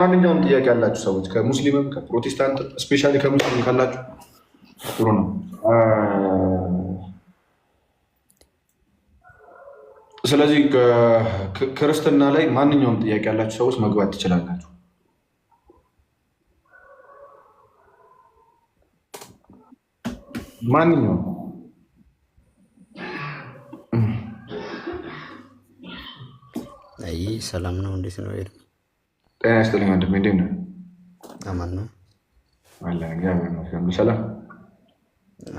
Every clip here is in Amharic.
ማንኛውም ጥያቄ ያላችሁ ሰዎች ከሙስሊምም ከፕሮቴስታንት እስፔሻሊ ከሙስሊም ካላችሁ ጥሩ ነው። ስለዚህ ክርስትና ላይ ማንኛውም ጥያቄ ያላችሁ ሰዎች መግባት ትችላላችሁ። ማንኛውም ሰላም ነው። እንዴት ነው? ጤና ይስጥልኝ ወንድሜ፣ እንዴት ነህ? አማን ነው አለን። እግዚአብሔር ይመስገን። በሰላም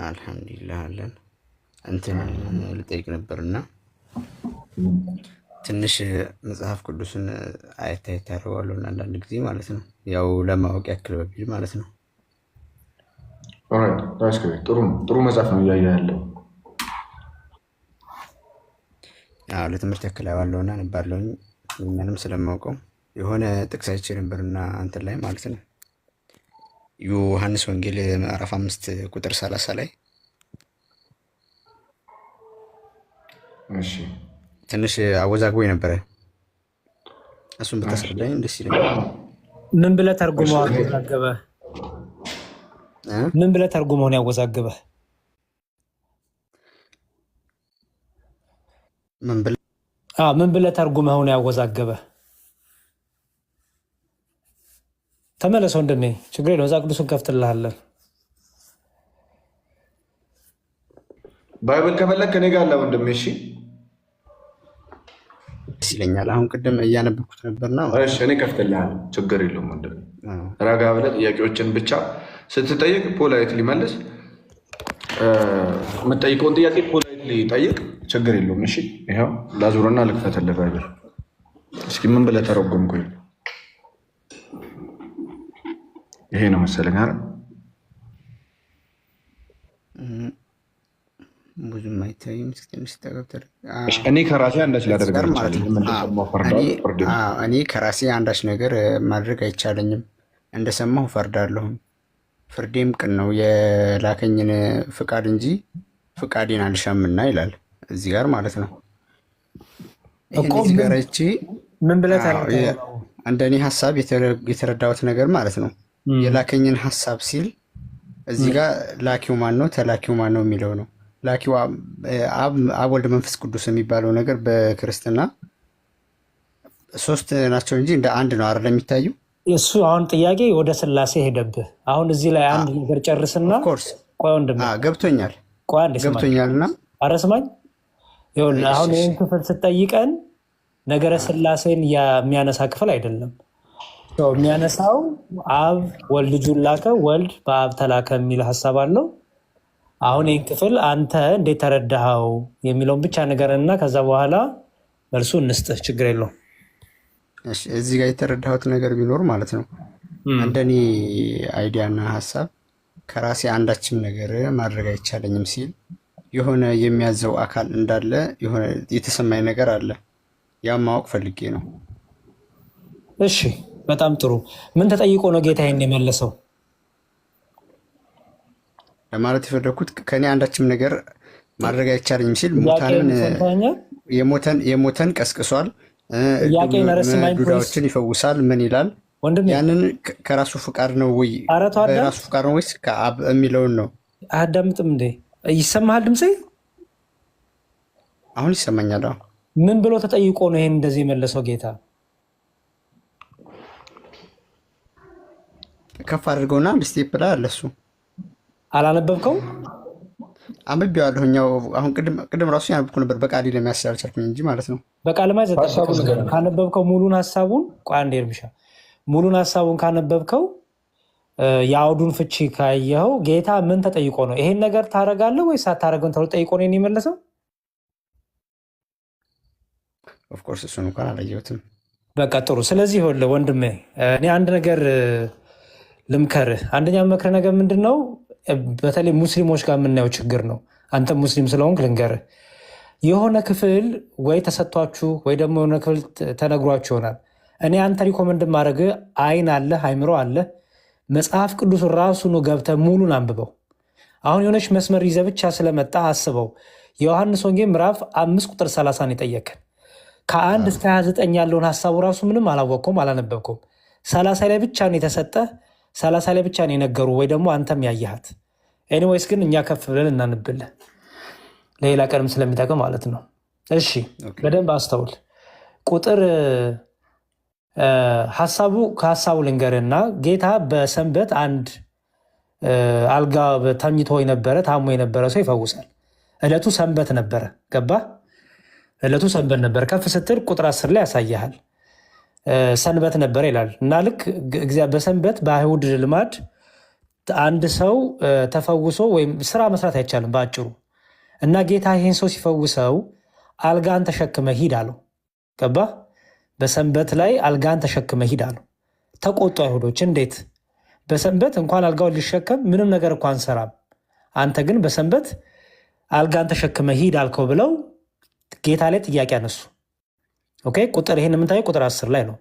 አልሐምዱሊላህ አለን። እንትን ልጠይቅ ነበር ትንሽ መጽሐፍ ቅዱስን አየት አየት ያደርገዋለሁ አንዳንድ ጊዜ ማለት ነው፣ ያው ለማወቅ ያክል በቢል ማለት ነው። ጥሩ ነው፣ ጥሩ መጽሐፍ ነው እያየ ያለው ለትምህርት ያክል አየዋለሁና ነባለሁኝ ምንም ስለማውቀው የሆነ ጥቅስ አይቼ ነበርና አንተን ላይ ማለት ነው ዮሐንስ ወንጌል ምዕራፍ አምስት ቁጥር ሰላሳ ላይ ትንሽ አወዛግቦ ነበረ። እሱን ብታስረዳኝ ደስ ይለኛል። ምን ብለህ ተርጉመው አወዛገበ? ምን ብለህ ተርጉመውን ያወዛገበ? ምን ብለህ ተርጉመውን ያወዛገበ? ተመለሰ ወንድሜ፣ ችግር የለውም። መጽሐፍ ቅዱሱን ከፍትልሃለን። ባይብል ከፈለግ እኔ ጋር አለ ወንድሜ። እሺ፣ ደስ ይለኛል። አሁን ቅድም እያነበብኩት ነበርና እኔ ከፍትልሃለሁ። ችግር የለውም ወንድሜ። ረጋ ብለህ ጥያቄዎችን ብቻ ስትጠይቅ ፖላይት ሊመልስ የምጠይቀውን ጥያቄ ፖላይት ሊጠይቅ፣ ችግር የለውም። እሺ፣ ይኸው ላዙርና ልክፈትልህ ባይብል። እስኪ ምን ብለህ ተረጎምኩኝ ይሄ ነው መሰለኝ አይደል? ብዙም አይታይም። እኔ ከራሴ አንዳች ላደርግ እኔ ከራሴ አንዳች ነገር ማድረግ አይቻለኝም። እንደሰማሁ ፈርዳለሁም። ፍርዴም ቅን ነው የላከኝን ፍቃድ እንጂ ፍቃዴን አልሻምና ይላል እዚህ ጋር ማለት ነው። ምን ብለህ እንደ እኔ ሀሳብ የተረዳሁት ነገር ማለት ነው የላከኝን ሀሳብ ሲል እዚህ ጋር ላኪው ማን ነው ተላኪው ማን ነው የሚለው ነው። ላኪው አብ ወልድ መንፈስ ቅዱስ የሚባለው ነገር በክርስትና ሶስት ናቸው እንጂ እንደ አንድ ነው አይደል የሚታዩ። እሱ አሁን ጥያቄ ወደ ስላሴ ሄደብህ። አሁን እዚህ ላይ አንድ ነገር ጨርስና ገብቶኛል ገብቶኛል እና አረስማኝ አሁን ይህን ክፍል ስጠይቀን ነገረ ስላሴን የሚያነሳ ክፍል አይደለም። የሚያነሳው አብ ወልድ ልጁን ላከ፣ ወልድ በአብ ተላከ የሚል ሀሳብ አለው። አሁን ይህን ክፍል አንተ እንዴት ተረዳኸው የሚለውን ብቻ ንገረንና ከዛ በኋላ መልሱ እንስጥህ። ችግር የለውም። እዚህ ጋር የተረዳሁት ነገር ቢኖር ማለት ነው እንደኔ አይዲያና ሀሳብ ከራሴ አንዳችም ነገር ማድረግ አይቻለኝም ሲል የሆነ የሚያዘው አካል እንዳለ የሆነ የተሰማኝ ነገር አለ። ያም ማወቅ ፈልጌ ነው። እሺ በጣም ጥሩ። ምን ተጠይቆ ነው ጌታ ይህን የመለሰው? ለማለት የፈለኩት ከኔ አንዳችም ነገር ማድረግ አይቻለኝም ሲል የሞተን ቀስቅሷል፣ ዱዳዎችን ይፈውሳል። ምን ይላል? ያንን ከራሱ ፍቃድ ነው ወይ ራሱ ፍቃድ ነው ወይስ ከአብ የሚለውን ነው? አዳምጥም እንዴ ይሰማሃል? ድምፄ አሁን ይሰማኛል። ምን ብሎ ተጠይቆ ነው ይሄን እንደዚህ የመለሰው ጌታ? ከፍ አድርገውና አንድ ስቴፕ ላይ አለሱ አላነበብከው? አንብቤዋለሁ። እኛው አሁን ቅድም ራሱ ያነብኩ ነበር፣ በቃል ለመያዝ እንጂ ማለት ነው። በቃል መያዝ ካነበብከው ሙሉን ሀሳቡን ቆይ አንዴ እርምሻ ሙሉን ሀሳቡን ካነበብከው የአውዱን ፍቺ ካየኸው ጌታ ምን ተጠይቆ ነው ይሄን ነገር ታደርጋለህ ወይስ አታደርግም ተብሎ ጠይቆ ነው የሚመለሰው? ኦፍኮርስ እሱን እንኳን አላየሁትም። በቃ ጥሩ። ስለዚህ ወንድሜ እኔ አንድ ነገር ልምከርህ። አንደኛ መክረህ ነገር ምንድን ነው፣ በተለይ ሙስሊሞች ጋር የምናየው ችግር ነው። አንተ ሙስሊም ስለሆንክ ልንገርህ። የሆነ ክፍል ወይ ተሰጥቷችሁ ወይ ደግሞ የሆነ ክፍል ተነግሯችሁ ይሆናል። እኔ አንተ ሪኮመንድ ማድረግ አይን አለ አይምሮ አለ መጽሐፍ ቅዱስ ራሱ ነው። ገብተህ ሙሉን አንብበው። አሁን የሆነች መስመር ይዘህ ብቻ ስለመጣ አስበው። የዮሐንስ ወንጌል ምዕራፍ አምስት ቁጥር ሰላሳ ነው የጠየቅን። ከአንድ እስከ 29 ያለውን ሀሳቡ ራሱ ምንም አላወቅኩም አላነበብኩም። ሰላሳ ላይ ብቻ ነው የተሰጠ ሰላሳ ላይ ብቻ ነው የነገሩ ወይ ደግሞ አንተም ያየሃት። ኤኒዌይስ ግን እኛ ከፍ ብለን እናንብልህ ለሌላ ቀንም ስለሚጠቅም ማለት ነው። እሺ በደንብ አስተውል። ቁጥር ሀሳቡ ከሀሳቡ ልንገርና ጌታ በሰንበት አንድ አልጋ ተኝቶ የነበረ ታሞ የነበረ ሰው ይፈውሳል። እለቱ ሰንበት ነበረ። ገባ እለቱ ሰንበት ነበር ከፍ ስትል ቁጥር አስር ላይ ያሳያል። ሰንበት ነበረ ይላል እና ልክ በሰንበት በአይሁድ ልማድ አንድ ሰው ተፈውሶ ወይም ስራ መስራት አይቻልም በአጭሩ። እና ጌታ ይህን ሰው ሲፈውሰው አልጋን ተሸክመ ሂድ አለው። ገባ በሰንበት ላይ አልጋን ተሸክመ ሂድ አለው። ተቆጡ አይሁዶች። እንዴት በሰንበት እንኳን አልጋውን ሊሸከም ምንም ነገር እንኳ አንሰራም፣ አንተ ግን በሰንበት አልጋን ተሸክመ ሂድ አልከው ብለው ጌታ ላይ ጥያቄ አነሱ። ኦኬ ቁጥር ይህን የምታየው ቁጥር አስር ላይ ነው።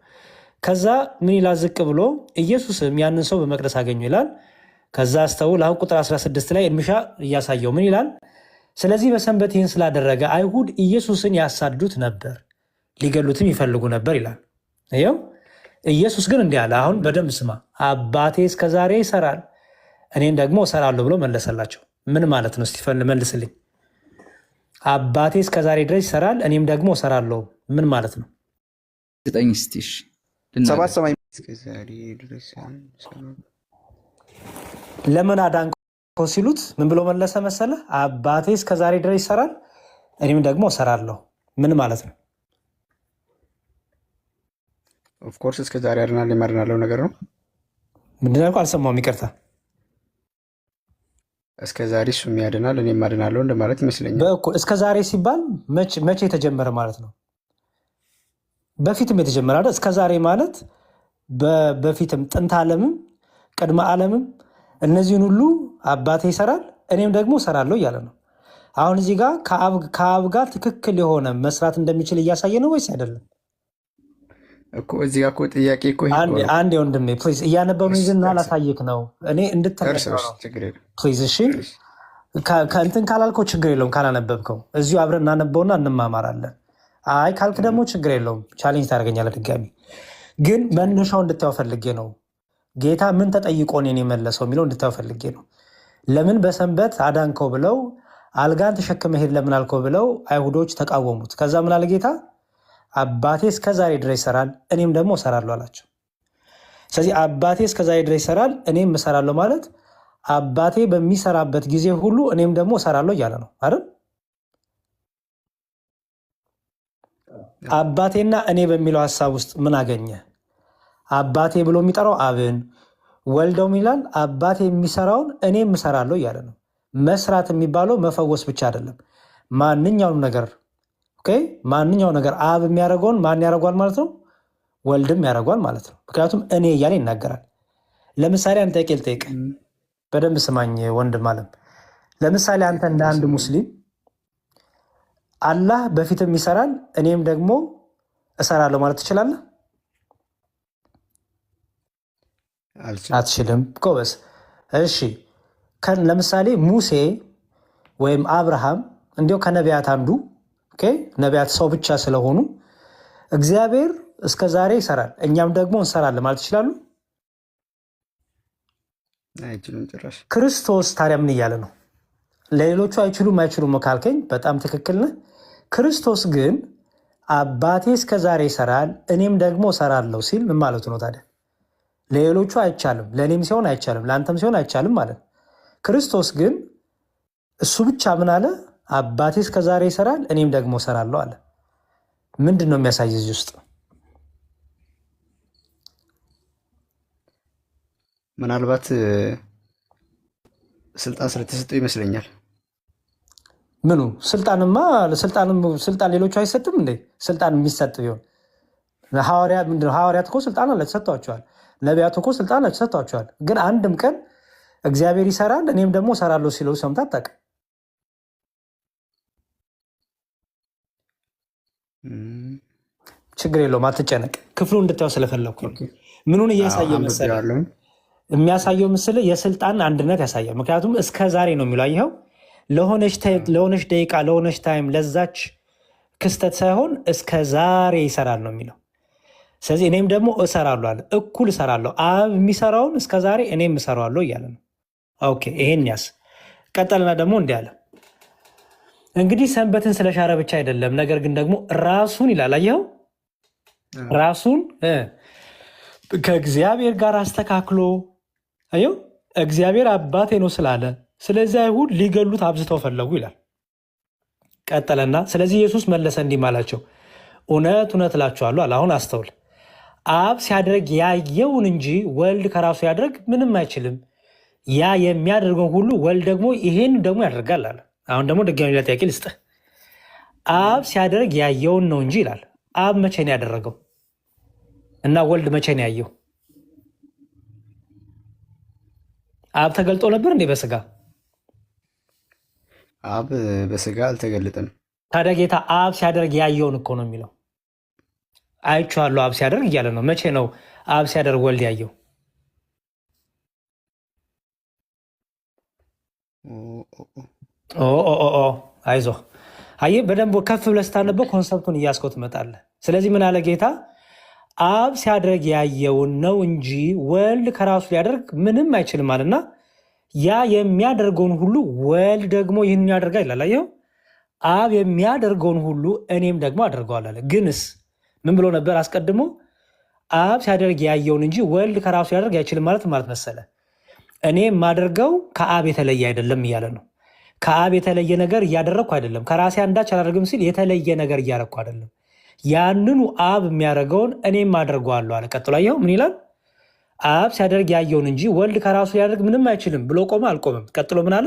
ከዛ ምን ይላል? ዝቅ ብሎ ኢየሱስም ያንን ሰው በመቅደስ አገኘው ይላል። ከዛ አስተውል። አሁን ቁጥር 16 ላይ እምሻ እያሳየው ምን ይላል? ስለዚህ በሰንበት ይህን ስላደረገ አይሁድ ኢየሱስን ያሳድዱት ነበር፣ ሊገሉትም ይፈልጉ ነበር ይላል። ይኸው ኢየሱስ ግን እንዲህ አለ። አሁን በደንብ ስማ። አባቴ እስከዛሬ ይሰራል፣ እኔን ደግሞ እሰራለሁ ብሎ መለሰላቸው። ምን ማለት ነው? እስቲ መልስልኝ። አባቴ እስከዛሬ ድረስ ይሰራል፣ እኔም ደግሞ እሰራለሁ ምን ማለት ነው? ዘጠኝ ስቲሽ ሰባት ሰማይ ለምን አዳንኮ ሲሉት ምን ብሎ መለሰ መሰለ? አባቴ እስከዛሬ ድረስ ይሰራል እኔም ደግሞ እሰራለሁ። ምን ማለት ነው? ኦፍኮርስ እስከዛሬ አድናለሁ የማድናለው ነገር ነው። ምንድን ያልኩህ አልሰማሁም፣ ይቅርታ እስከ ዛሬ እሱም ያድናል እኔም አድናለሁ እንደማለት ይመስለኛል። እስከ ዛሬ ሲባል መቼ የተጀመረ ማለት ነው? በፊትም የተጀመረ አይደል? እስከ ዛሬ ማለት በፊትም ጥንት ዓለምም ቅድመ ዓለምም እነዚህን ሁሉ አባቴ ይሰራል እኔም ደግሞ እሰራለሁ እያለ ነው። አሁን እዚህ ጋር ከአብ ጋር ትክክል የሆነ መስራት እንደሚችል እያሳየ ነው ወይስ አይደለም? እዚህ ጋር ጥያቄ አንድ ወንድሜ ፕሊዝ እያነበሩ ይዝን ላሳይክ ነው እኔ እንድትፕሊዝ እሺ። ከእንትን ካላልከው ችግር የለውም ካላነበብከው እዚሁ አብረን እናነበውና እንማማራለን። አይ ካልክ ደግሞ ችግር የለውም ቻሌንጅ ታደርገኛለህ ድጋሚ። ግን መነሻው እንድታየው ፈልጌ ነው። ጌታ ምን ተጠይቆ እኔን የመለሰው የሚለው እንድታየው ፈልጌ ነው። ለምን በሰንበት አዳንከው ብለው አልጋን ተሸክመ ሄድ ለምን አልከው ብለው አይሁዶች ተቃወሙት። ከዛ ምን አለ ጌታ? አባቴ እስከ ዛሬ ድረስ ይሰራል እኔም ደግሞ እሰራለሁ አላቸው። ስለዚህ አባቴ እስከ ዛሬ ድረስ ይሰራል እኔም እሰራለሁ ማለት አባቴ በሚሰራበት ጊዜ ሁሉ እኔም ደግሞ እሰራለሁ እያለ ነው አይደል? አባቴና እኔ በሚለው ሀሳብ ውስጥ ምን አገኘ? አባቴ ብሎ የሚጠራው አብን ወልደውም ይላል። አባቴ የሚሰራውን እኔ እሰራለሁ እያለ ነው። መስራት የሚባለው መፈወስ ብቻ አይደለም። ማንኛውም ነገር ማንኛው ነገር አብ የሚያደርገውን ማን ያደርጓል ማለት ነው። ወልድም ያደርጓል ማለት ነው። ምክንያቱም እኔ እያለ ይናገራል። ለምሳሌ አንተ ጥያቄ በደንብ ስማኝ ወንድም አለም። ለምሳሌ አንተ እንደ አንድ ሙስሊም አላህ በፊትም ይሰራል እኔም ደግሞ እሰራለሁ ማለት ትችላለህ? አትችልም። ጎበዝ። እሺ ለምሳሌ ሙሴ ወይም አብርሃም እንዲሁ ከነቢያት አንዱ ነቢያት ሰው ብቻ ስለሆኑ እግዚአብሔር እስከ ዛሬ ይሰራል እኛም ደግሞ እንሰራለን ማለት ይችላሉ? ክርስቶስ ታዲያ ምን እያለ ነው? ለሌሎቹ አይችሉም አይችሉም ካልከኝ በጣም ትክክል ነህ። ክርስቶስ ግን አባቴ እስከ ዛሬ ይሰራል እኔም ደግሞ እሰራለሁ ሲል ምን ማለቱ ነው ታዲያ? ለሌሎቹ አይቻልም፣ ለእኔም ሲሆን አይቻልም፣ ለአንተም ሲሆን አይቻልም ማለት ክርስቶስ ግን እሱ ብቻ ምን አለ? አባቴ እስከ ዛሬ ይሰራል እኔም ደግሞ እሰራለሁ አለ። ምንድን ነው የሚያሳይ እዚህ ውስጥ? ምናልባት ስልጣን ስለተሰጠው ይመስለኛል። ምኑ ስልጣንማ ስልጣን ሌሎቹ አይሰጥም እንዴ? ስልጣን የሚሰጥ ቢሆን ሐዋርያት እኮ ስልጣን አለ ተሰጥቷቸዋል። ነቢያት እኮ ስልጣን አለ ተሰጥቷቸዋል። ግን አንድም ቀን እግዚአብሔር ይሰራል እኔም ደግሞ እሰራለሁ ሲለው ሰምታ አታውቅም። ችግር የለውም አትጨነቅ። ክፍሉ እንድታየው ስለፈለግኩ ምኑን እያሳየ መሰለህ? የሚያሳየው ምስል የስልጣን አንድነት ያሳያል። ምክንያቱም እስከ ዛሬ ነው የሚለው አየኸው ለሆነች ደቂቃ ለሆነች ታይም ለዛች ክስተት ሳይሆን እስከ ዛሬ ይሰራል ነው የሚለው። ስለዚህ እኔም ደግሞ እሰራለሁ አለ። እኩል እሰራለሁ አብ የሚሰራውን እስከ ዛሬ እኔም እሰራዋለሁ እያለ ነው። ኦኬ ይሄን ያስ ቀጠልና ደግሞ እንዲህ አለ። እንግዲህ ሰንበትን ስለሻረ ብቻ አይደለም፣ ነገር ግን ደግሞ ራሱን ይላል። አየኸው ራሱን ከእግዚአብሔር ጋር አስተካክሎ አየው እግዚአብሔር አባቴ ነው ስላለ ስለዚህ አይሁድ ሊገሉት አብዝተው ፈለጉ ይላል። ቀጠለና ስለዚህ ኢየሱስ መለሰ እንዲህ አላቸው፣ እውነት እውነት እላችኋለሁ አለ። አሁን አስተውል፣ አብ ሲያደርግ ያየውን እንጂ ወልድ ከራሱ ያደርግ ምንም አይችልም። ያ የሚያደርገው ሁሉ ወልድ ደግሞ ይህን ደግሞ ያደርጋል አለ። አሁን ደግሞ ድጋሚ ሌላ ጥያቄ ልስጥህ። አብ ሲያደርግ ያየውን ነው እንጂ ይላል። አብ መቼ ነው ያደረገው? እና ወልድ መቼ ነው ያየው? አብ ተገልጦ ነበር እንዴ በስጋ አብ በስጋ አልተገለጠም። ታዲያ ጌታ አብ ሲያደርግ ያየውን እኮ ነው የሚለው። አይቼዋለሁ አብ ሲያደርግ እያለ ነው። መቼ ነው አብ ሲያደርግ ወልድ ያየው? አይዞ አየህ፣ በደንብ ከፍ ብለህ ስታነበው ኮንሰፕቱን እያስኮት ትመጣለህ። ስለዚህ ምን አለ ጌታ አብ ሲያደርግ ያየውን ነው እንጂ ወልድ ከራሱ ሊያደርግ ምንም አይችልም አለና ያ የሚያደርገውን ሁሉ ወልድ ደግሞ ይህን ያደርጋ ይላል። አብ የሚያደርገውን ሁሉ እኔም ደግሞ አደርገዋል። ግንስ ምን ብሎ ነበር አስቀድሞ? አብ ሲያደርግ ያየውን እንጂ ወልድ ከራሱ ያደርግ አይችልም ማለት ማለት መሰለ። እኔ የማደርገው ከአብ የተለየ አይደለም እያለ ነው። ከአብ የተለየ ነገር እያደረግኩ አይደለም፣ ከራሴ አንዳች አላደርግም ሲል የተለየ ነገር እያደረግኩ አይደለም። ያንኑ አብ የሚያደርገውን እኔም አደርገዋለሁ አለ። ቀጥሎ ምን ይላል? አብ ሲያደርግ ያየውን እንጂ ወልድ ከራሱ ሊያደርግ ምንም አይችልም ብሎ ቆመ አልቆመም። ቀጥሎ ምን አለ?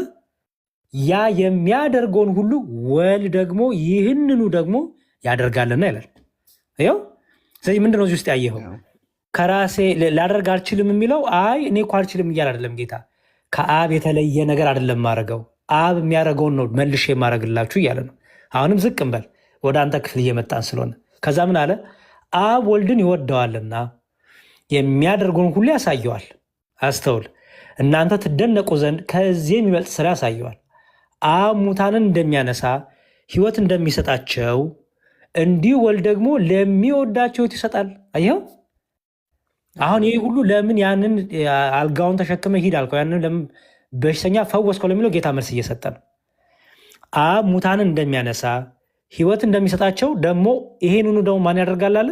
ያ የሚያደርገውን ሁሉ ወልድ ደግሞ ይህንኑ ደግሞ ያደርጋልና ይላል። ይኸው ስለዚህ ምንድነው እዚህ ውስጥ ያየኸው? ከራሴ ላደርግ አልችልም የሚለው አይ እኔ እኮ አልችልም እያል አይደለም ጌታ። ከአብ የተለየ ነገር አይደለም ማድረገው አብ የሚያደርገውን ነው መልሼ የማደርግላችሁ እያለ ነው። አሁንም ዝቅ እንበል ወደ አንተ ክፍል እየመጣን ስለሆነ ከዛ ምን አለ? አብ ወልድን ይወደዋልና የሚያደርገውን ሁሉ ያሳየዋል። አስተውል፣ እናንተ ትደነቁ ዘንድ ከዚህ የሚበልጥ ስራ ያሳየዋል። አብ ሙታንን እንደሚያነሳ ህይወት እንደሚሰጣቸው እንዲሁ ወልድ ደግሞ ለሚወዳቸው ይሰጣል። አየው አሁን ይህ ሁሉ ለምን ያንን አልጋውን ተሸክመ ሂድ አልከው፣ ያንን በሽተኛ ፈወስከው ለሚለው ጌታ መልስ እየሰጠ ነው። አብ ሙታንን እንደሚያነሳ ህይወት እንደሚሰጣቸው ደግሞ ይሄንኑ ደግሞ ማን ያደርጋል አለ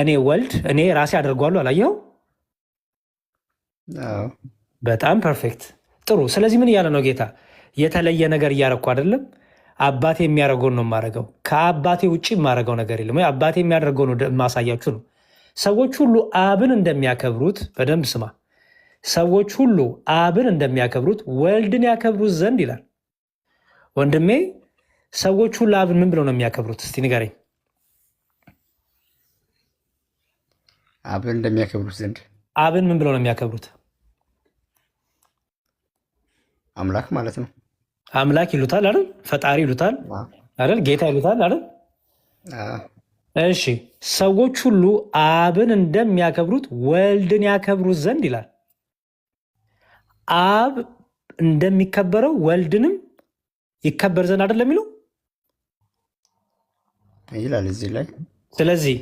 እኔ ወልድ እኔ ራሴ አደርጓሉ አላየው። በጣም ፐርፌክት ጥሩ። ስለዚህ ምን እያለ ነው ጌታ? የተለየ ነገር እያረግኩ አይደለም፣ አባቴ የሚያደርገውን ነው የማደርገው። ከአባቴ ውጭ የማደርገው ነገር የለም። ወይ አባቴ የሚያደርገው ነው የማሳያችሁ ነው። ሰዎች ሁሉ አብን እንደሚያከብሩት በደንብ ስማ። ሰዎች ሁሉ አብን እንደሚያከብሩት ወልድን ያከብሩት ዘንድ ይላል። ወንድሜ ሰዎች ሁሉ አብን ምን ብለው ነው የሚያከብሩት? እስቲ ንገረኝ። አብን እንደሚያከብሩት ዘንድ አብን ምን ብለው ነው የሚያከብሩት? አምላክ ማለት ነው። አምላክ ይሉታል አይደል? ፈጣሪ ይሉታል አይደል? ጌታ ይሉታል አይደል? እሺ ሰዎች ሁሉ አብን እንደሚያከብሩት ወልድን ያከብሩት ዘንድ ይላል። አብ እንደሚከበረው ወልድንም ይከበር ዘንድ አይደለም የሚለው ይላል እዚህ ላይ ስለዚህ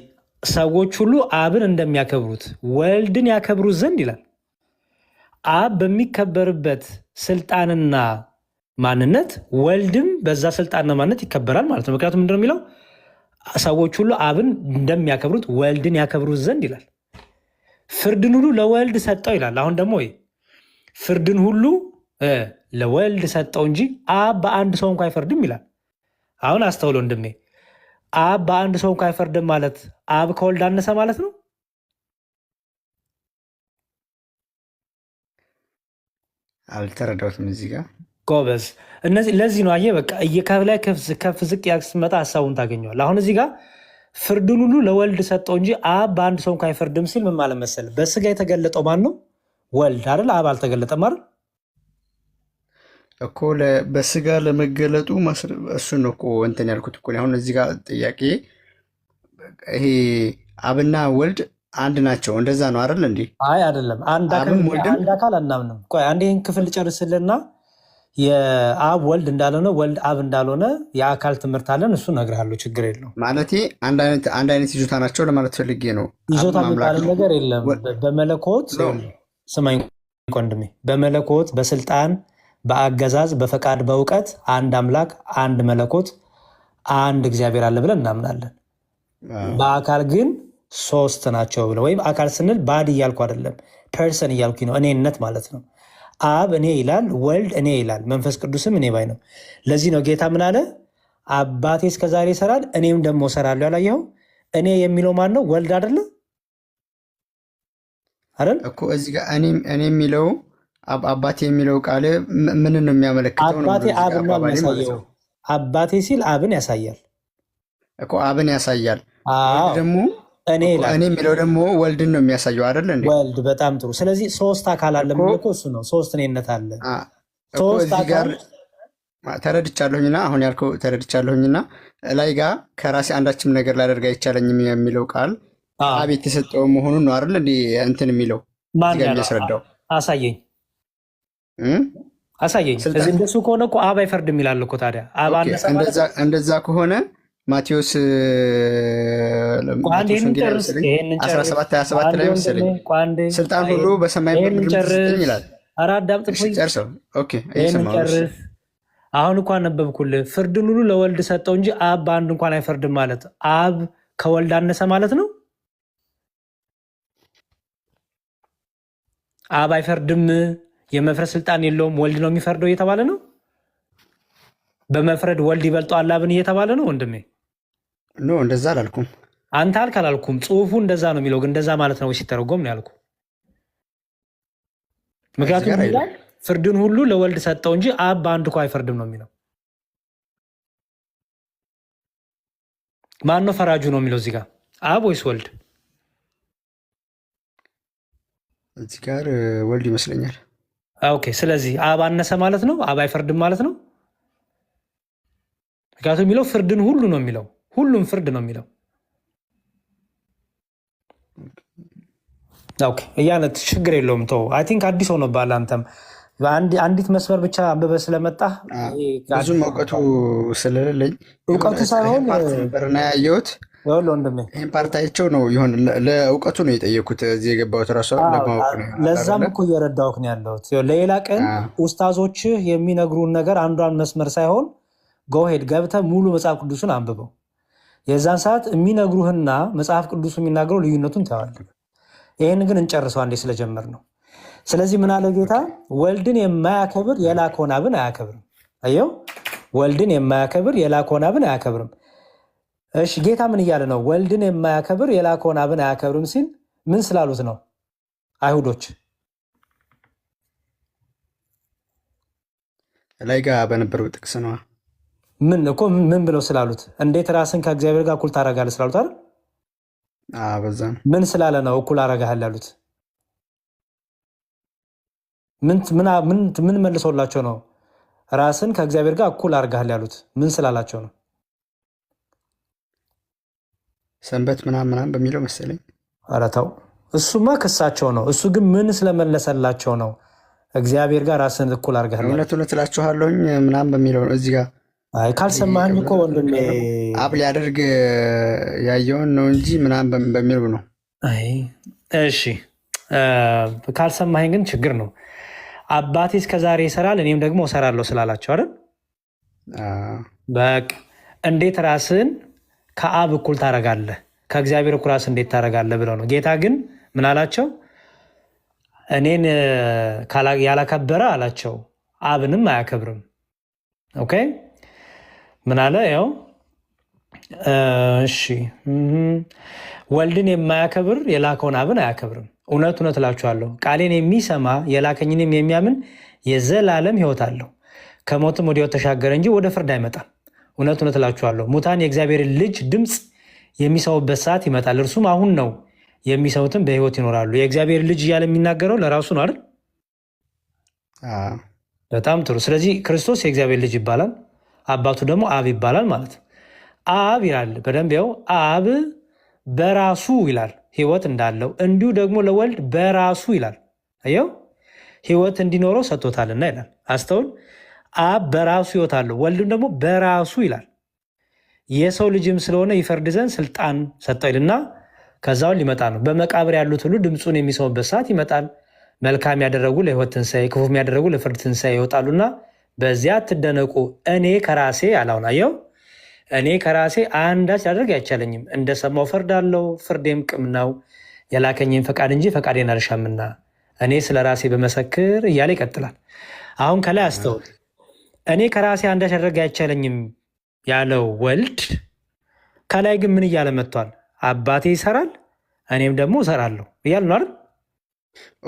ሰዎች ሁሉ አብን እንደሚያከብሩት ወልድን ያከብሩት ዘንድ ይላል። አብ በሚከበርበት ስልጣንና ማንነት ወልድም በዛ ስልጣንና ማንነት ይከበራል ማለት ነው። ምክንያቱም ምንድነው የሚለው ሰዎች ሁሉ አብን እንደሚያከብሩት ወልድን ያከብሩት ዘንድ ይላል። ፍርድን ሁሉ ለወልድ ሰጠው ይላል። አሁን ደግሞ ፍርድን ሁሉ ለወልድ ሰጠው እንጂ አብ በአንድ ሰው እንኳ አይፈርድም ይላል። አሁን አስተውሎ ወንድሜ አብ በአንድ ሰው እንኳ አይፈርድም ማለት አብ ከወልድ አነሰ ማለት ነው። አልተረዳሁትም እዚህ ጋር ጎበዝ። እነዚህ ለዚህ ነው አየህ፣ በቃ ላይ ከፍ ዝቅ ስትመጣ ሀሳቡን ታገኘዋል። አሁን እዚህ ጋር ፍርድን ሁሉ ለወልድ ሰጠው እንጂ አብ በአንድ ሰው እንኳ አይፈርድም ሲል ምን ማለት መሰለህ? በስጋ የተገለጠው ማን ነው? ወልድ አይደል? አብ አልተገለጠም አይደል? እኮ በስጋ ለመገለጡ እሱን ነው እኮ እንትን ያልኩት እኮ አሁን እዚህ ጋር ጥያቄ ይሄ አብና ወልድ አንድ ናቸው እንደዛ ነው አይደል እንዴ? አይ አይደለም፣ አንድ አካል አናምንም። ቆይ አንድ ይህን ክፍል ጨርስልና የአብ ወልድ እንዳልሆነ ወልድ አብ እንዳልሆነ የአካል ትምህርት አለን። እሱ እነግርሃለሁ፣ ችግር የለው ማለት አንድ አይነት ይዞታ ናቸው ለማለት ፈልጌ ነው። ይዞታ የሚባል ነገር የለም። በመለኮት ስማኝ፣ ወንድሜ፣ በመለኮት በስልጣን በአገዛዝ በፈቃድ በእውቀት አንድ አምላክ አንድ መለኮት አንድ እግዚአብሔር አለ ብለን እናምናለን። በአካል ግን ሶስት ናቸው ብለ ወይም አካል ስንል ባድ እያልኩ አይደለም፣ ፐርሰን እያልኩ ነው። እኔነት ማለት ነው። አብ እኔ ይላል፣ ወልድ እኔ ይላል፣ መንፈስ ቅዱስም እኔ ባይ ነው። ለዚህ ነው ጌታ ምን አለ? አባቴ እስከዛሬ ይሰራል፣ እኔም ደግሞ እሰራለሁ። ያላየኸው እኔ የሚለው ማን ነው? ወልድ አይደለ አይደል እኮ እዚህ ጋር እኔ የሚለው አባቴ የሚለው ቃል ምንን ነው የሚያመለክተው? አባቴ ሲል አብን ያሳያል እኮ አብን ያሳያል። ደግሞ እኔ የሚለው ደግሞ ወልድን ነው የሚያሳየው አይደለ? ወልድ በጣም ጥሩ። ስለዚህ ሶስት አካል አለ እኮ እሱ ነው ሶስት እኔነት አለ። ተረድቻለሁኝና አሁን ያልከው ተረድቻለሁኝና ላይ ጋ ከራሴ አንዳችም ነገር ላደርግ አይቻለኝም የሚለው ቃል አብ የተሰጠው መሆኑን ነው አይደለ? እንትን የሚለው ያስረዳው አሳየኝ አሳየኝ። ስለዚህ እንደሱ ከሆነ እኮ አብ አይፈርድም ይላል እኮ ታዲያ። እንደዛ ከሆነ ማቴዎስ ስልጣን ሁሉ በሰማይ ይላል። ኧረ አዳምጥኝ አሁን እኮ አነበብኩልህ። ፍርድን ሁሉ ለወልድ ሰጠው እንጂ አብ በአንድ እንኳን አይፈርድም ማለት አብ ከወልድ አነሰ ማለት ነው። አብ አይፈርድም የመፍረድ ስልጣን የለውም፣ ወልድ ነው የሚፈርደው እየተባለ ነው። በመፍረድ ወልድ ይበልጠዋል አብን እየተባለ ነው። ወንድሜ ኖ እንደዛ አላልኩም። አንተ አልክ አላልኩም። ጽሁፉ እንደዛ ነው የሚለው እንደዛ ማለት ነው ሲተረጎም ነው ያልኩ። ምክንያቱም ፍርድን ሁሉ ለወልድ ሰጠው እንጂ አብ በአንድ እኮ አይፈርድም ነው የሚለው። ማን ነው ፈራጁ ነው የሚለው እዚህ ጋር አብ ወይስ ወልድ? እዚህ ጋር ወልድ ይመስለኛል። ኦኬ ስለዚህ አብ አነሰ ማለት ነው። አብ አይፈርድም ማለት ነው። ምክንያቱም የሚለው ፍርድን ሁሉ ነው የሚለው ሁሉም ፍርድ ነው የሚለው እያነት ችግር የለውም። ተው አይ ቲንክ አዲስ ሆኖብሃል አንተም አንዲት መስመር ብቻ አንብበ ስለመጣ ብዙም እውቀቱ ስለሌለኝ እውቀቱ ሳይሆን ነበርና ያየሁት ይህን ፓርታቸው ነው ይሆን ለእውቀቱ ነው የጠየኩት። እዚህ የገባሁት ራሱ ለማወቅ ነው። ለዛም እኮ እየረዳሁህ ነው ያለሁት። ለሌላ ቀን ኡስታዞችህ የሚነግሩን ነገር አንዷን መስመር ሳይሆን ጎሄድ ገብተህ ሙሉ መጽሐፍ ቅዱስን አንብበው። የዛን ሰዓት የሚነግሩህና መጽሐፍ ቅዱሱ የሚናገረው ልዩነቱን ታያለህ። ይህን ግን እንጨርሰው አንዴ ስለጀመር ነው። ስለዚህ ምን አለ ጌታ? ወልድን የማያከብር የላከውን አብን አያከብርም። አየው፣ ወልድን የማያከብር የላከውን አብን አያከብርም። እሺ ጌታ ምን እያለ ነው? ወልድን የማያከብር የላከውን አብን አያከብርም ሲል ምን ስላሉት ነው? አይሁዶች ላይ ጋር በነበረው ጥቅስ ነዋ። ምን እኮ ምን ብለው ስላሉት፣ እንዴት ራስን ከእግዚአብሔር ጋር እኩል ታረጋለህ ስላሉት አይደል? በዛ ምን ስላለ ነው እኩል አረጋህል ያሉት? ምን መልሶላቸው ነው ራስን ከእግዚአብሔር ጋር እኩል አርጋህል ያሉት? ምን ስላላቸው ነው? ሰንበት ምናምን ምናምን በሚለው መሰለኝ። ኧረ ተው፣ እሱማ ክሳቸው ነው። እሱ ግን ምን ስለመለሰላቸው ነው? እግዚአብሔር ጋር ራስን እኩል አድርገህ እውነት እውነት እላችኋለሁኝ ምናምን በሚለው ነው እዚህ ጋር አይ ካልሰማህም እኮ ወንድሜ አብ ሊያደርግ ያየውን ነው እንጂ ምናምን በሚል ነው። እሺ ካልሰማኝ ግን ችግር ነው። አባቴ እስከዛሬ ይሰራል እኔም ደግሞ እሰራለሁ ስላላቸው አይደል በቃ እንዴት ራስን ከአብ እኩል ታረጋለህ፣ ከእግዚአብሔር እኩል እንዴት ታረጋለህ ብለው ነው። ጌታ ግን ምን አላቸው? እኔን ያላከበረ አላቸው አብንም አያከብርም። ኦኬ ምን አለ? ያው እሺ ወልድን የማያከብር የላከውን አብን አያከብርም። እውነት እውነት እላችኋለሁ ቃሌን የሚሰማ የላከኝንም የሚያምን የዘላለም ሕይወት አለው ከሞትም ወዲያው ተሻገረ እንጂ ወደ ፍርድ አይመጣም። እውነት እውነት እላችኋለሁ ሙታን የእግዚአብሔርን ልጅ ድምፅ የሚሰውበት ሰዓት ይመጣል፣ እርሱም አሁን ነው። የሚሰሙትም በህይወት ይኖራሉ። የእግዚአብሔር ልጅ እያለ የሚናገረው ለራሱ ነው አይደል? በጣም ጥሩ። ስለዚህ ክርስቶስ የእግዚአብሔር ልጅ ይባላል፣ አባቱ ደግሞ አብ ይባላል ማለት ነው። አብ ይላል በደንብ ያው አብ በራሱ ይላል ህይወት እንዳለው እንዲሁ ደግሞ ለወልድ በራሱ ይላል ያው ህይወት እንዲኖረው ሰጥቶታልና ይላል። አስተውል አብ በራሱ ሕይወት አለው፣ ወልድም ደግሞ በራሱ ይላል የሰው ልጅም ስለሆነ ይፈርድ ዘንድ ስልጣን ሰጠው ይልና ከዛውን ሊመጣ ነው። በመቃብር ያሉት ሁሉ ድምፁን የሚሰሙበት ሰዓት ይመጣል። መልካም ያደረጉ ለሕይወት ትንሣኤ፣ ክፉም ያደረጉ ለፍርድ ትንሣኤ ይወጣሉና በዚያ አትደነቁ። እኔ ከራሴ አላሁን አየው እኔ ከራሴ አንዳች ላደርግ አይቻለኝም። እንደሰማው ፍርድ አለው፣ ፍርዴም ቅም ነው፣ የላከኝን ፈቃድ እንጂ ፈቃዴን አልሻምና እኔ ስለ ራሴ በመሰክር እያለ ይቀጥላል። አሁን ከላይ አስተውል እኔ ከራሴ አንዳች አደርግ አይቻለኝም ያለው ወልድ ከላይ ግን ምን እያለ መጥቷል? አባቴ ይሰራል እኔም ደግሞ እሰራለሁ እያል ነው አይደል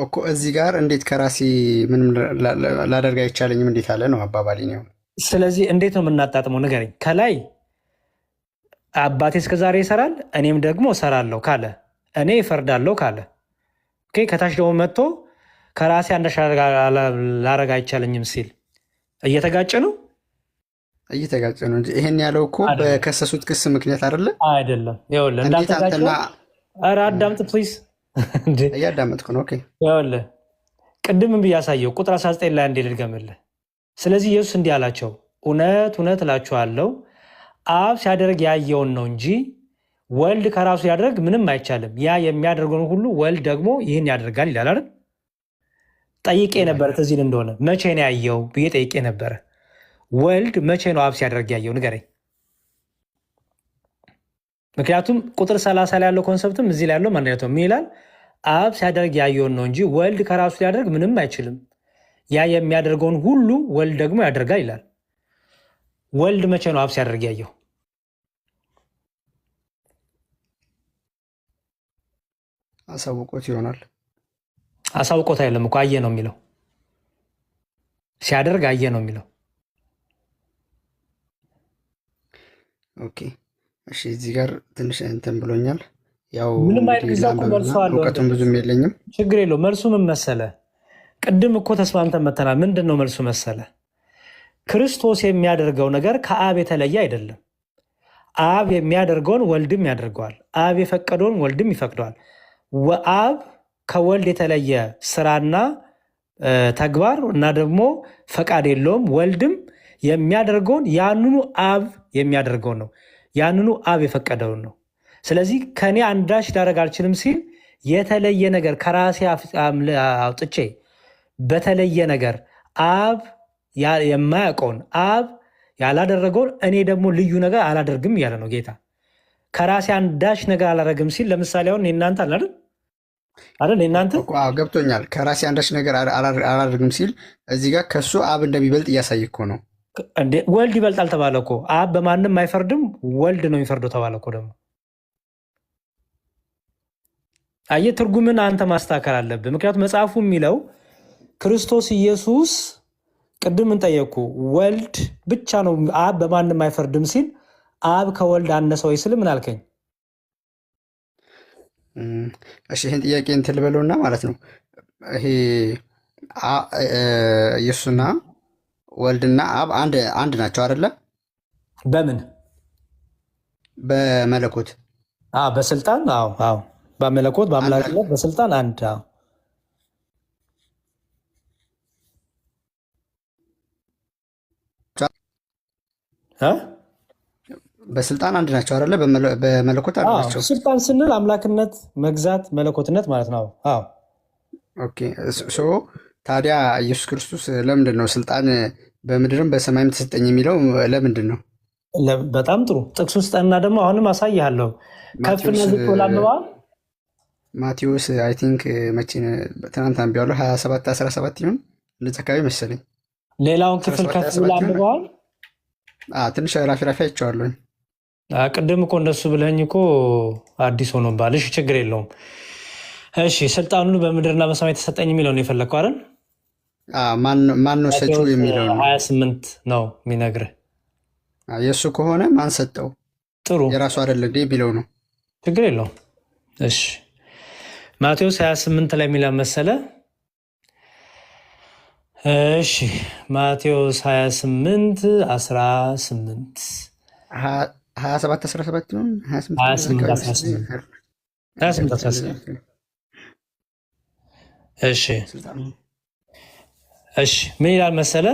እኮ። እዚህ ጋር እንዴት ከራሴ ምንም ላደርግ አይቻለኝም እንዴት አለ ነው አባባሊ ነው። ስለዚህ እንዴት ነው የምናጣጥመው? ንገረኝ። ከላይ አባቴ እስከዛሬ ይሰራል እኔም ደግሞ እሰራለሁ ካለ እኔ ይፈርዳለሁ ካለ ከታች ደግሞ መጥቶ ከራሴ አንዳች ላደርግ አይቻለኝም ሲል እየተጋጨ ነው እየተጋጨ ነው እንጂ ይሄን ያለው እኮ በከሰሱት ክስ ምክንያት አይደለ? አይደለም። ይኸውልህ እንዳልተጋጨ ኧረ አዳምጥ ፕሊዝ። እያዳመጥኩ ነው። ይኸውልህ ቅድምም ብያሳየው ቁጥር 19 ላይ እንዴ ልድገምልህ። ስለዚህ ኢየሱስ እንዲህ አላቸው፣ እውነት እውነት እላችኋለሁ አብ ሲያደርግ ያየውን ነው እንጂ ወልድ ከራሱ ያደርግ ምንም አይቻልም። ያ የሚያደርገውን ሁሉ ወልድ ደግሞ ይህን ያደርጋል ይላል አይደል? ጠይቄ ነበረ። ትዝ እንደሆነ መቼ ነው ያየው ብዬ ጠይቄ ነበረ። ወልድ መቼ ነው አብ ሲያደርግ ያየው ንገረኝ። ምክንያቱም ቁጥር ሰላሳ ላይ ያለው ኮንሰፕትም እዚህ ላይ ያለው ማንነት ነው ይላል? አብ ሲያደርግ ያየውን ነው እንጂ ወልድ ከራሱ ሊያደርግ ምንም አይችልም። ያ የሚያደርገውን ሁሉ ወልድ ደግሞ ያደርጋል ይላል። ወልድ መቼ ነው አብ ሲያደርግ ያየው? አሳውቆት ይሆናል። አሳውቆት አይለም እኮ አየ ነው የሚለው ሲያደርግ አየ ነው የሚለው። ኦኬ እሺ፣ እዚህ ጋር ትንሽ እንትን ብሎኛል። ያው እውቀቱን ብዙም የለኝም። ችግር የለው። መልሱ ምን መሰለ? ቅድም እኮ ተስማምተን መተናል። ምንድን ነው መልሱ መሰለ? ክርስቶስ የሚያደርገው ነገር ከአብ የተለየ አይደለም። አብ የሚያደርገውን ወልድም ያደርገዋል። አብ የፈቀደውን ወልድም ይፈቅደዋል። ወአብ ከወልድ የተለየ ስራና ተግባር እና ደግሞ ፈቃድ የለውም። ወልድም የሚያደርገውን ያንኑ አብ የሚያደርገውን ነው፣ ያንኑ አብ የፈቀደውን ነው። ስለዚህ ከኔ አንዳች ዳረግ አልችልም ሲል የተለየ ነገር ከራሴ አውጥቼ በተለየ ነገር አብ የማያውቀውን አብ ያላደረገውን እኔ ደግሞ ልዩ ነገር አላደርግም እያለ ነው ጌታ። ከራሴ አንዳች ነገር አላደረግም ሲል ለምሳሌ አሁን እናንተ አላደርግ አይደል እናንተ ገብቶኛል። ከራሴ አንዳች ነገር አላደርግም ሲል እዚህ ጋር ከሱ አብ እንደሚበልጥ እያሳየ እኮ ነው። ወልድ ይበልጣል ተባለ እኮ። አብ በማንም አይፈርድም፣ ወልድ ነው የሚፈርደው ተባለ እኮ። ደግሞ አየ ትርጉምን አንተ ማስተካከል አለብህ። ምክንያቱም መጽሐፉ የሚለው ክርስቶስ ኢየሱስ ቅድም እንጠየቅኩ ወልድ ብቻ ነው አብ በማንም አይፈርድም ሲል አብ ከወልድ አነሰ ወይ ስል ምን አልከኝ? እሺ ይህን ጥያቄ እንትን ልበለውና ማለት ነው ይሄ ኢየሱስና ወልድና አብ አንድ ናቸው አይደለ? በምን በመለኮት በስልጣን አዎ አዎ በመለኮት በአምላክነት በስልጣን አንድ አዎ እ በስልጣን አንድ ናቸው አለ በመለኮት አንድ ናቸው። ስልጣን ስንል አምላክነት፣ መግዛት፣ መለኮትነት ማለት ነው። ኦኬ። ታዲያ ኢየሱስ ክርስቶስ ለምንድን ነው ስልጣን በምድርም በሰማይም ተሰጠኝ የሚለው ለምንድን ነው? በጣም ጥሩ ጥቅሱ ስጠና ደግሞ አሁንም አሳይሃለሁ። ከፍና ዝቅ ማቴዎስ አይ ቲንክ መቼ ትናንት አንቢያለሁ 27 17 ይሁን እንደዚ አካባቢ መሰለኝ። ሌላውን ክፍል ከፍ ብላ ትንሽ ራፊ ራፊ አይቼዋለሁኝ ቅድም እኮ እንደሱ ብለኝ እኮ አዲስ ሆኖ እሺ ችግር የለውም። እሺ ስልጣኑን በምድርና በሰማይ ተሰጠኝ የሚለው ነው የፈለግከው አይደል? ማን ነው ሰጪው የሚለው ነው። ሀያ ስምንት ነው የሚነግርህ። የእሱ ከሆነ ማን ሰጠው? ጥሩ የራሱ አይደለ እንዴ ቢለው ነው። ችግር የለውም። እሺ ማቴዎስ 28 ላይ የሚላ መሰለ። እሺ ማቴዎስ 28 18 እሺ ምን ይላል መሰለ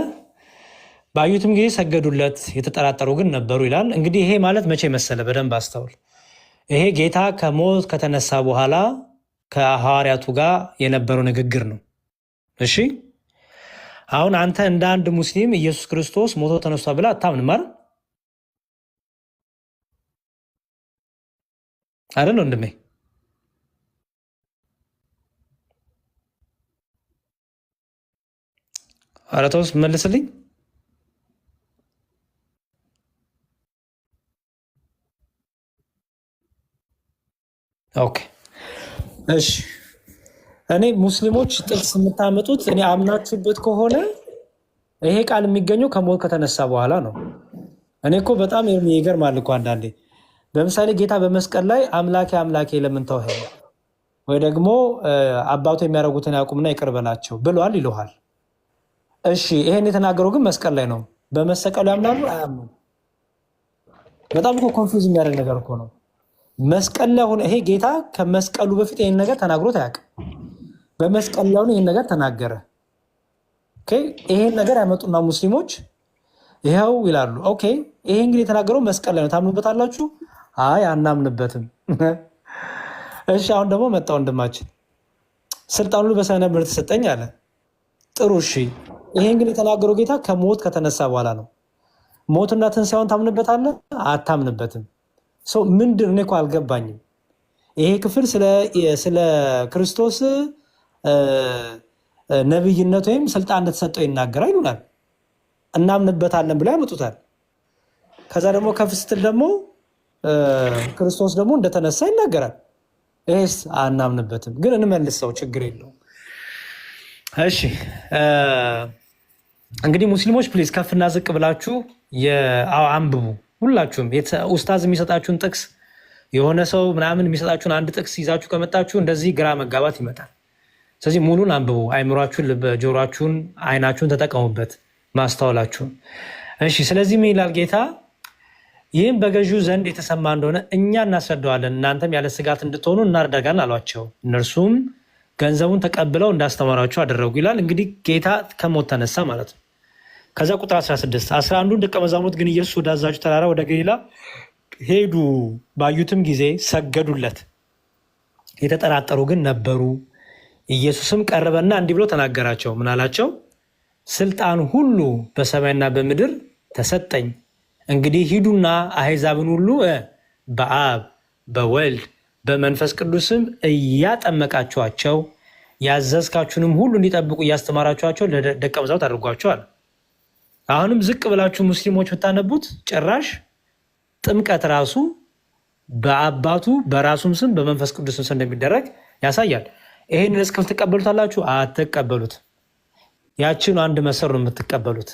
ባዩትም ጊዜ ሰገዱለት የተጠራጠሩ ግን ነበሩ ይላል እንግዲህ ይሄ ማለት መቼ መሰለ በደንብ አስተውል ይሄ ጌታ ከሞት ከተነሳ በኋላ ከሐዋርያቱ ጋር የነበረው ንግግር ነው እሺ አሁን አንተ እንደ አንድ ሙስሊም ኢየሱስ ክርስቶስ ሞቶ ተነስቷ ብላ አታምንም አይደል አይደል ወንድሜ? ኧረ ተውስ መልስልኝ። ኦኬ እሺ፣ እኔ ሙስሊሞች ጥቅስ የምታመጡት እኔ አምናችሁበት ከሆነ ይሄ ቃል የሚገኘው ከሞት ከተነሳ በኋላ ነው። እኔ እኮ በጣም ይገርማል እኮ አንዳንዴ ለምሳሌ ጌታ በመስቀል ላይ አምላኬ አምላኬ ለምን ተውኸኝ ወይ ደግሞ አባቱ የሚያደርጉትን ያቁምና ይቅር በላቸው ብሏል ይለሃል። እሺ ይሄን የተናገረው ግን መስቀል ላይ ነው። በመሰቀሉ ያምናሉ አያምኑ? በጣም እኮ ኮንፊውዝ የሚያደርግ ነገር እኮ ነው። መስቀል ላይ ሆነ ይሄ ጌታ ከመስቀሉ በፊት ይህን ነገር ተናግሮት አያውቅም። በመስቀል ላይ ሆነ ይህን ነገር ተናገረ። ይሄን ነገር ያመጡና ሙስሊሞች ይኸው ይላሉ። ኦኬ ይሄ እንግዲህ የተናገረው መስቀል ላይ ነው ታምኑበታላችሁ? አይ አናምንበትም። እሺ አሁን ደግሞ መጣ ወንድማችን ስልጣኑ በሰነ ምርት ሰጠኝ አለ። ጥሩ እሺ፣ ይሄን ግን የተናገረው ጌታ ከሞት ከተነሳ በኋላ ነው። ሞትና ትንሣኤውን ታምንበታለህ? አታምንበትም። ምንድን እኔ እኮ አልገባኝም። ይሄ ክፍል ስለ ክርስቶስ ነብይነት ወይም ስልጣን እንደተሰጠው ይናገራል ይሉናል። እናምንበታለን ብለው ያመጡታል። ከዛ ደግሞ ከፍ ስትል ደግሞ ክርስቶስ ደግሞ እንደተነሳ ይናገራል። ይህስ አናምንበትም፣ ግን እንመልሰው፣ ችግር የለውም። እሺ እንግዲህ ሙስሊሞች ፕሊዝ ከፍና ዝቅ ብላችሁ አንብቡ። ሁላችሁም ኡስታዝ የሚሰጣችሁን ጥቅስ የሆነ ሰው ምናምን የሚሰጣችሁን አንድ ጥቅስ ይዛችሁ ከመጣችሁ እንደዚህ ግራ መጋባት ይመጣል። ስለዚህ ሙሉን አንብቡ። አይምሯችሁን፣ ጆሯችሁን፣ አይናችሁን ተጠቀሙበት፣ ማስተዋላችሁን። እሺ ስለዚህ ምን ይላል ጌታ ይህም በገዢው ዘንድ የተሰማ እንደሆነ እኛ እናስረዳዋለን፣ እናንተም ያለ ስጋት እንድትሆኑ እናርዳጋን አሏቸው። እነርሱም ገንዘቡን ተቀብለው እንዳስተማሯቸው አደረጉ ይላል። እንግዲህ ጌታ ከሞት ተነሳ ማለት ነው። ከዛ ቁጥር 16 11ዱን ደቀ መዛሙርት ግን ኢየሱስ ወደ አዛዡ ተራራ ወደ ገሊላ ሄዱ። ባዩትም ጊዜ ሰገዱለት። የተጠራጠሩ ግን ነበሩ። ኢየሱስም ቀረበና እንዲህ ብሎ ተናገራቸው። ምን አላቸው? ስልጣን ሁሉ በሰማይና በምድር ተሰጠኝ እንግዲህ ሂዱና አሕዛብን ሁሉ በአብ በወልድ በመንፈስ ቅዱስም እያጠመቃችኋቸው ያዘዝካችሁንም ሁሉ እንዲጠብቁ እያስተማራችኋቸው ለደቀ መዛሙርት አድርጓቸዋል። አሁንም ዝቅ ብላችሁ ሙስሊሞች ብታነቡት ጭራሽ ጥምቀት ራሱ በአባቱ በራሱም ስም በመንፈስ ቅዱስም ስም እንደሚደረግ ያሳያል። ይህንን እስክም ትቀበሉታላችሁ? አትቀበሉት። ያችን አንድ መሰር ነው የምትቀበሉት።